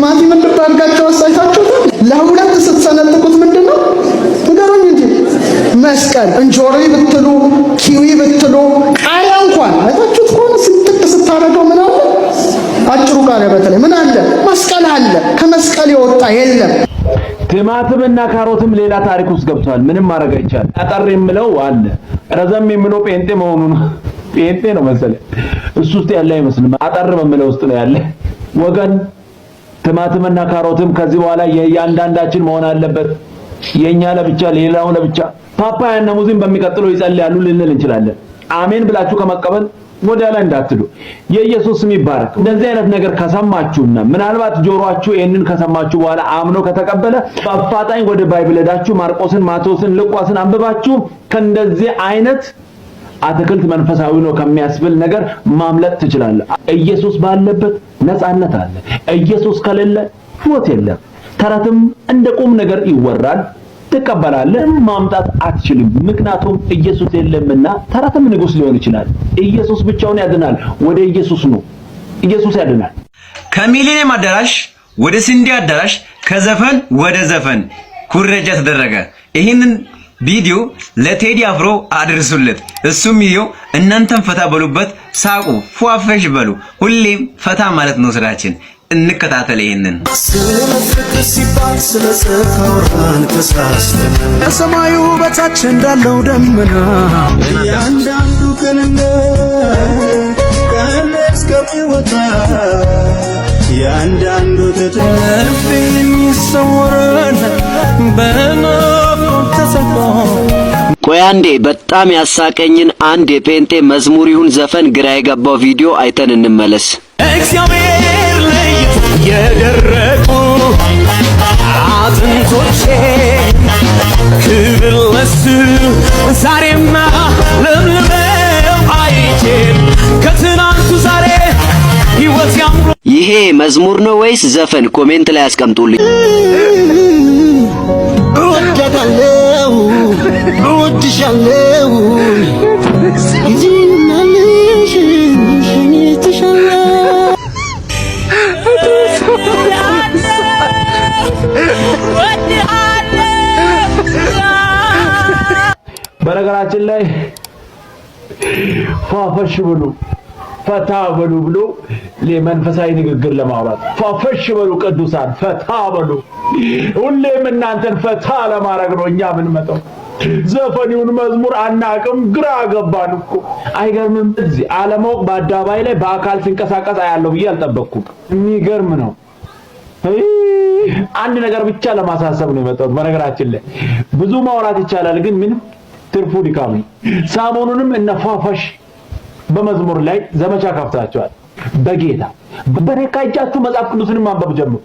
ቲማቲም እንድር አድርጋችሁ አሳይታችሁታል። ለሁለት ስትሰነጥቁት ምንድን ነው ንገሩኝ እንጂ መስቀል፣ እንጆሪ ብትሉ ኪዊ ብትሉ ቃሪያ እንኳን አይታችሁት ከሆነ ስንጥቅ ስታደርገው ምን አለ? አጭሩ ቃሪያ በተለይ ምን አለ? መስቀል አለ። ከመስቀል የወጣ የለም። ቲማቲም እና ካሮትም ሌላ ታሪክ ውስጥ ገብቷል። ምንም ማድረግ አይቻልም። አጠር የምለው አለ ረዘም የምለው ጴንጤ መሆኑ ነው። ጴንጤ ነው መሰለኝ እሱ ውስጥ ያለ አይመስልም። አጠር በምለው ውስጥ ነው ያለ ወገን ቲማቲምና ካሮትም ከዚህ በኋላ የእያንዳንዳችን መሆን አለበት። የኛ ለብቻ፣ ሌላው ለብቻ። ፓፓያና ሙዝም በሚቀጥለው ይጸልያሉ ልንል እንችላለን። አሜን ብላችሁ ከመቀበል ወዲያ ላይ እንዳትሉ። የኢየሱስ ስም ይባረክ። እንደዚህ አይነት ነገር ከሰማችሁና ምናልባት ጆሮአችሁ ይህንን ከሰማችሁ በኋላ አምኖ ከተቀበለ በአፋጣኝ ወደ ባይብል ሄዳችሁ ማርቆስን፣ ማቴዎስን፣ ልቋስን አንብባችሁ ከእንደዚህ አይነት አትክልት መንፈሳዊ ነው ከሚያስብል ነገር ማምለጥ ትችላለህ። ኢየሱስ ባለበት ነፃነት አለ። ኢየሱስ ከሌለ ፍወት የለም። ተረትም እንደ ቁም ነገር ይወራል፣ ትቀበላለህ፣ ማምጣት አትችልም። ምክንያቱም ኢየሱስ የለምና ተረትም ንጉስ ሊሆን ይችላል። ኢየሱስ ብቻውን ያድናል። ወደ ኢየሱስ ነው። ኢየሱስ ያድናል። ከሚሊኒየም አዳራሽ ወደ ስንዴ አዳራሽ፣ ከዘፈን ወደ ዘፈን ኩረጃ ተደረገ። ይህንን ቪዲዮ ለቴዲ አፍሮ አድርሱለት። እሱም ይኸው እናንተን ፈታ በሉበት፣ ሳቁ፣ ፏፈሽ በሉ። ሁሌም ፈታ ማለት ነው ስራችን። እንከታተል ይሄንን። ከሰማዩ በታች እንዳለው ደመና እያንዳንዱ ቀንና ቀን እስከሚወጣ ያንዳንዱ ተትነፍ የሚሰወረን በና ቆያንዴ በጣም ያሳቀኝን አንድ የጴንጤ መዝሙር ይሁን ዘፈን ግራ የገባው ቪዲዮ አይተን እንመለስ። እግዚአብሔር ላይ የደረቁ አጥንቶቼ ክብር ለሱ ዛሬማ ለምልመው አይቼል ከትናንቱ ዛሬ ሕይወት ያምሮ። ይሄ መዝሙር ነው ወይስ ዘፈን? ኮሜንት ላይ ያስቀምጡልኝ። በነገራችን ላይ ፏፈሽ ብሉ ፈታ በሉ ብሎ መንፈሳዊ ንግግር ለማውራት ፏፈሽ በሉ ቅዱሳን፣ ፈታ በሉ። ሁሌም እናንተን ፈታ ለማድረግ ነው እኛ የምንመጣው። ዘፈኒውን መዝሙር አናቅም፣ ግራ ገባን እኮ። አይገርምም? እዚህ አለማወቅ በአደባባይ ላይ በአካል ሲንቀሳቀስ አያለሁ ብዬ አልጠበቅኩም። የሚገርም ነው። አንድ ነገር ብቻ ለማሳሰብ ነው የመጣሁት። በነገራችን ላይ ብዙ ማውራት ይቻላል፣ ግን ምን ትርፉ ድካም ነው። ሰሞኑንም እነፋፈሽ በመዝሙር ላይ ዘመቻ ከፍታቸዋል። በጌታ በነካ እጃችሁ መጽሐፍ ቅዱስንም ማንበብ ጀምሩ።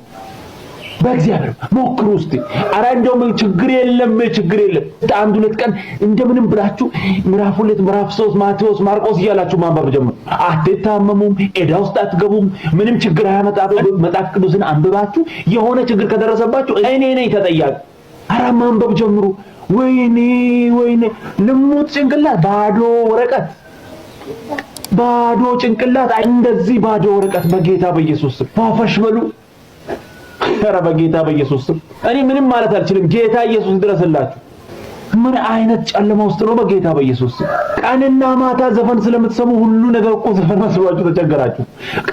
በእግዚአብሔር ሞክሩ ውስጥ አረ እንደውም ችግር የለም ችግር የለም። አንድ ሁለት ቀን እንደምንም ብላችሁ ምዕራፍ ሁለት ምዕራፍ ሶስት ማቴዎስ፣ ማርቆስ እያላችሁ ማንበብ ጀምሩ። አትታመሙም፣ ኤዳ ውስጥ አትገቡም፣ ምንም ችግር አያመጣም። መጽሐፍ ቅዱስን አንብባችሁ የሆነ ችግር ከደረሰባችሁ እኔ ነኝ ተጠያቂ። ኧረ ማንበብ ጀምሩ። ወይኔ ወይኔ ልሙት ጭንቅላት ባዶ ወረቀት ባዶ ጭንቅላት እንደዚህ ባዶ ወረቀት በጌታ በኢየሱስ ፏፈሽ በሉ። ኧረ በጌታ በኢየሱስ ስም እኔ ምንም ማለት አልችልም። ጌታ ኢየሱስ ድረስላችሁ። ምን አይነት ጨለማ ውስጥ ነው? በጌታ በኢየሱስ ስም ቀንና ማታ ዘፈን ስለምትሰሙ ሁሉ ነገር እኮ ዘፈን መስሏችሁ ተቸገራችሁ።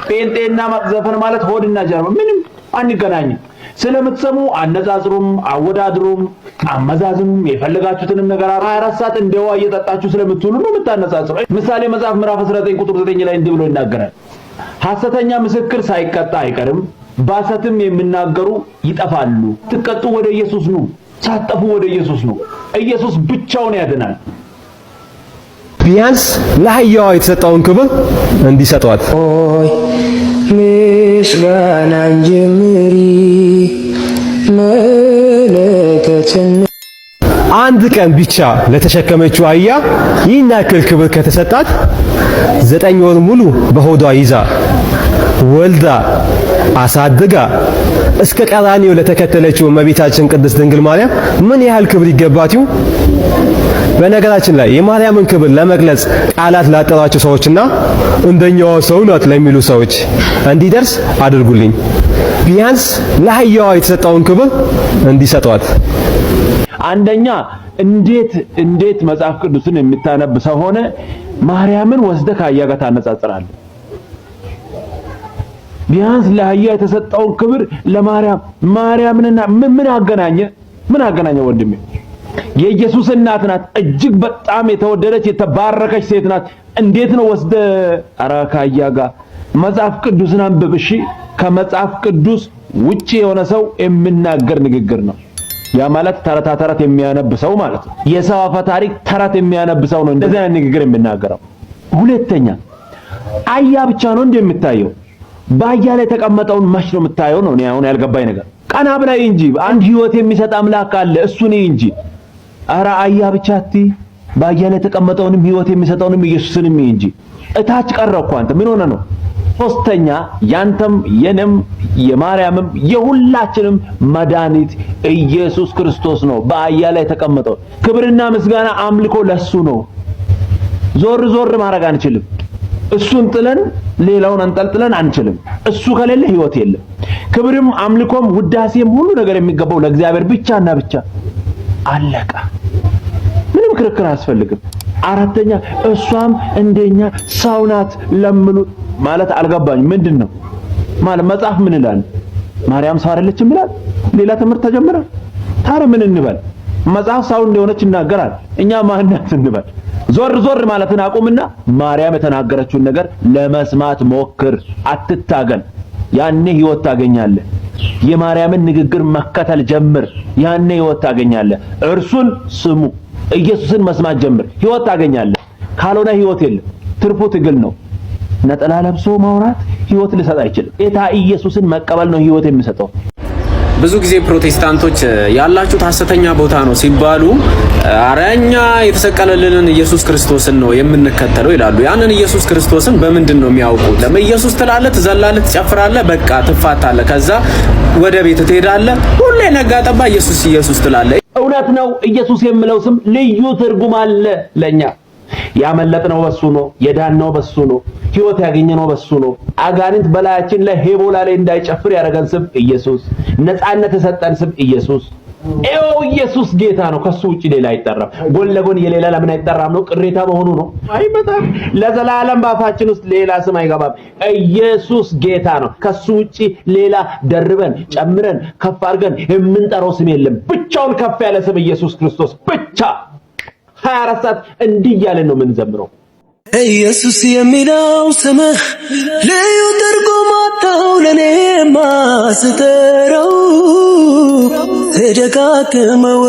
ጴንጤና ዘፈን ማለት ሆድና ጀርባ ምንም አንገናኝም። ስለምትሰሙ አነጻጽሩም፣ አወዳድሩም፣ አመዛዝም የፈለጋችሁትንም ነገር አራት ሰዓት እንደዋ እየጠጣችሁ ስለምትውሉ ነው የምታነጻጽሩ። ምሳሌ መጽሐፍ ምዕራፍ 19 ቁጥር 9 ላይ እንዲህ ብሎ ይናገራል፣ ሐሰተኛ ምስክር ሳይቀጣ አይቀርም ባሰትም የሚናገሩ ይጠፋሉ። ትቀጡ ወደ ኢየሱስ ነው። ሳትጠፉ ወደ ኢየሱስ ነው። ኢየሱስ ብቻውን ያድናል። ቢያንስ ለአህያዋ የተሰጠውን ክብር እንዲሰጧት ሆይ ምስጋናን ጀምሪ መለከትን አንድ ቀን ብቻ ለተሸከመችው አህያ ይህን ያክል ክብር ከተሰጣት ዘጠኝ ወር ሙሉ በሆዷ ይዛ ወልዳ አሳድጋ እስከ ቀራኒው ለተከተለችው እመቤታችን ቅድስት ድንግል ማርያም ምን ያህል ክብር ይገባት ይሁን? በነገራችን ላይ የማርያምን ክብር ለመግለጽ ቃላት ላጠሯቸው ሰዎችና እንደኛዋ ሰው ናት ለሚሉ ሰዎች እንዲደርስ አድርጉልኝ። ቢያንስ ለአህያዋ የተሰጠውን ክብር እንዲሰጧት። አንደኛ እንዴት እንዴት መጽሐፍ ቅዱስን የምታነብ ሰው ሆነ ማርያምን ወስደህ ከአህያ ጋር ታነጻጽራለህ? ቢያንስ ለአህያ የተሰጠውን ክብር ለማርያም ማርያምንና ምን አገናኘ? ምን አገናኘ? ወንድሜ የኢየሱስ እናት ናት። እጅግ በጣም የተወደደች የተባረከች ሴት ናት። እንዴት ነው ወስደ ኧረ ከአህያ ጋር መጽሐፍ ቅዱስን አንብብ። እሺ ከመጽሐፍ ቅዱስ ውጪ የሆነ ሰው የሚናገር ንግግር ነው። ያ ማለት ተረታ ተረት የሚያነብ ሰው ማለት ነው። የሰው አፈ ታሪክ ተረት የሚያነብ ሰው ነው እንደዚህ አይነት ንግግር የሚናገረው። ሁለተኛ አያ ብቻ ነው እንደምታየው በአህያ ላይ ተቀመጠውን መች ነው የምታየው? ነው አሁን ያልገባኝ ነገር። ቀና ብላይ እንጂ አንድ ህይወት የሚሰጥ አምላክ አለ፣ እሱ ነኝ እንጂ አረ አያ ብቻቲ በአህያ ላይ የተቀመጠውንም ህይወት የሚሰጠውንም ኢየሱስንም እንጂ እታች ቀረኩ። አንተ ምን ሆነ ነው? ሶስተኛ ያንተም የኔም የማርያምም የሁላችንም መድኃኒት ኢየሱስ ክርስቶስ ነው። በአህያ ላይ የተቀመጠው ክብርና ምስጋና አምልኮ ለሱ ነው። ዞር ዞር ማድረግ አንችልም። እሱን ጥለን ሌላውን አንጠልጥለን አንችልም። እሱ ከሌለ ህይወት የለም። ክብርም፣ አምልኮም፣ ውዳሴም ሁሉ ነገር የሚገባው ለእግዚአብሔር እና ብቻ። አለቀ። ምንም ክርክር አያስፈልግም። አራተኛ እሷም እንደኛ ሰው ናት ለምኑ ማለት አልገባኝ። ምንድን ነው ማለት መጽሐፍ ምን ይላል? ማርያም ሰው አይደለችም ይላል። ሌላ ትምህርት ተጀምሯል። ታዲያ ምን እንበል? መጽሐፍ ሳው እንደሆነች ይናገራል። እኛ ማናት እንበል? ዞር ዞር ማለትን አቁምና ማርያም የተናገረችውን ነገር ለመስማት ሞክር፣ አትታገል። ያኔ ህይወት ታገኛለህ። የማርያምን ንግግር መከተል ጀምር፣ ያኔ ህይወት ታገኛለህ። እርሱን ስሙ፣ ኢየሱስን መስማት ጀምር፣ ህይወት ታገኛለህ። ካልሆነ ህይወት የለም፣ ትርፉ ትግል ነው። ነጠላ ለብሶ ማውራት ህይወት ሊሰጥ አይችልም። ጌታ ኢየሱስን መቀበል ነው ህይወት የሚሰጠው። ብዙ ጊዜ ፕሮቴስታንቶች ያላችሁት ሐሰተኛ ቦታ ነው ሲባሉ አረኛ የተሰቀለልንን ኢየሱስ ክርስቶስን ነው የምንከተለው ይላሉ። ያንን ኢየሱስ ክርስቶስን በምንድን ነው የሚያውቁት? ለምን ኢየሱስ ትላለህ፣ ትዘላለህ፣ ትጨፍራለህ፣ በቃ ትፋታለህ፣ ከዛ ወደ ቤት ትሄዳለህ። ሁሌ ነጋ ኢየሱስ ኢየሱስ ትላለህ። እውነት ነው። ኢየሱስ የምለው ስም ልዩ ትርጉም አለ ለኛ ያመለጥነው በሱ ነው። የዳነው በሱ ነው። ህይወት ያገኘነው በሱ ነው። አጋንንት በላያችን ለሄቦላ ላይ እንዳይጨፍር ያደረገን ስም ኢየሱስ፣ ነፃነት የሰጠን ስም ኢየሱስ። ይኸው ኢየሱስ ጌታ ነው። ከሱ ውጪ ሌላ አይጠራም። ጎን ለጎን የሌላ ለምን አይጠራም ነው? ቅሬታ መሆኑ ነው። አይመጣም። ለዘላለም ባፋችን ውስጥ ሌላ ስም አይገባም። ኢየሱስ ጌታ ነው። ከሱ ውጪ ሌላ ደርበን ጨምረን ከፍ አድርገን የምንጠራው ስም የለም። ብቻውን ከፍ ያለ ስም ኢየሱስ ክርስቶስ ብቻ 24 ሰዓት እንዲህ እያለን ነው የምንዘምረው። ኢየሱስ የሚለው ስምህ ልዩ ትርጉም አጣው ለኔማ ስጠራው ተደጋግመው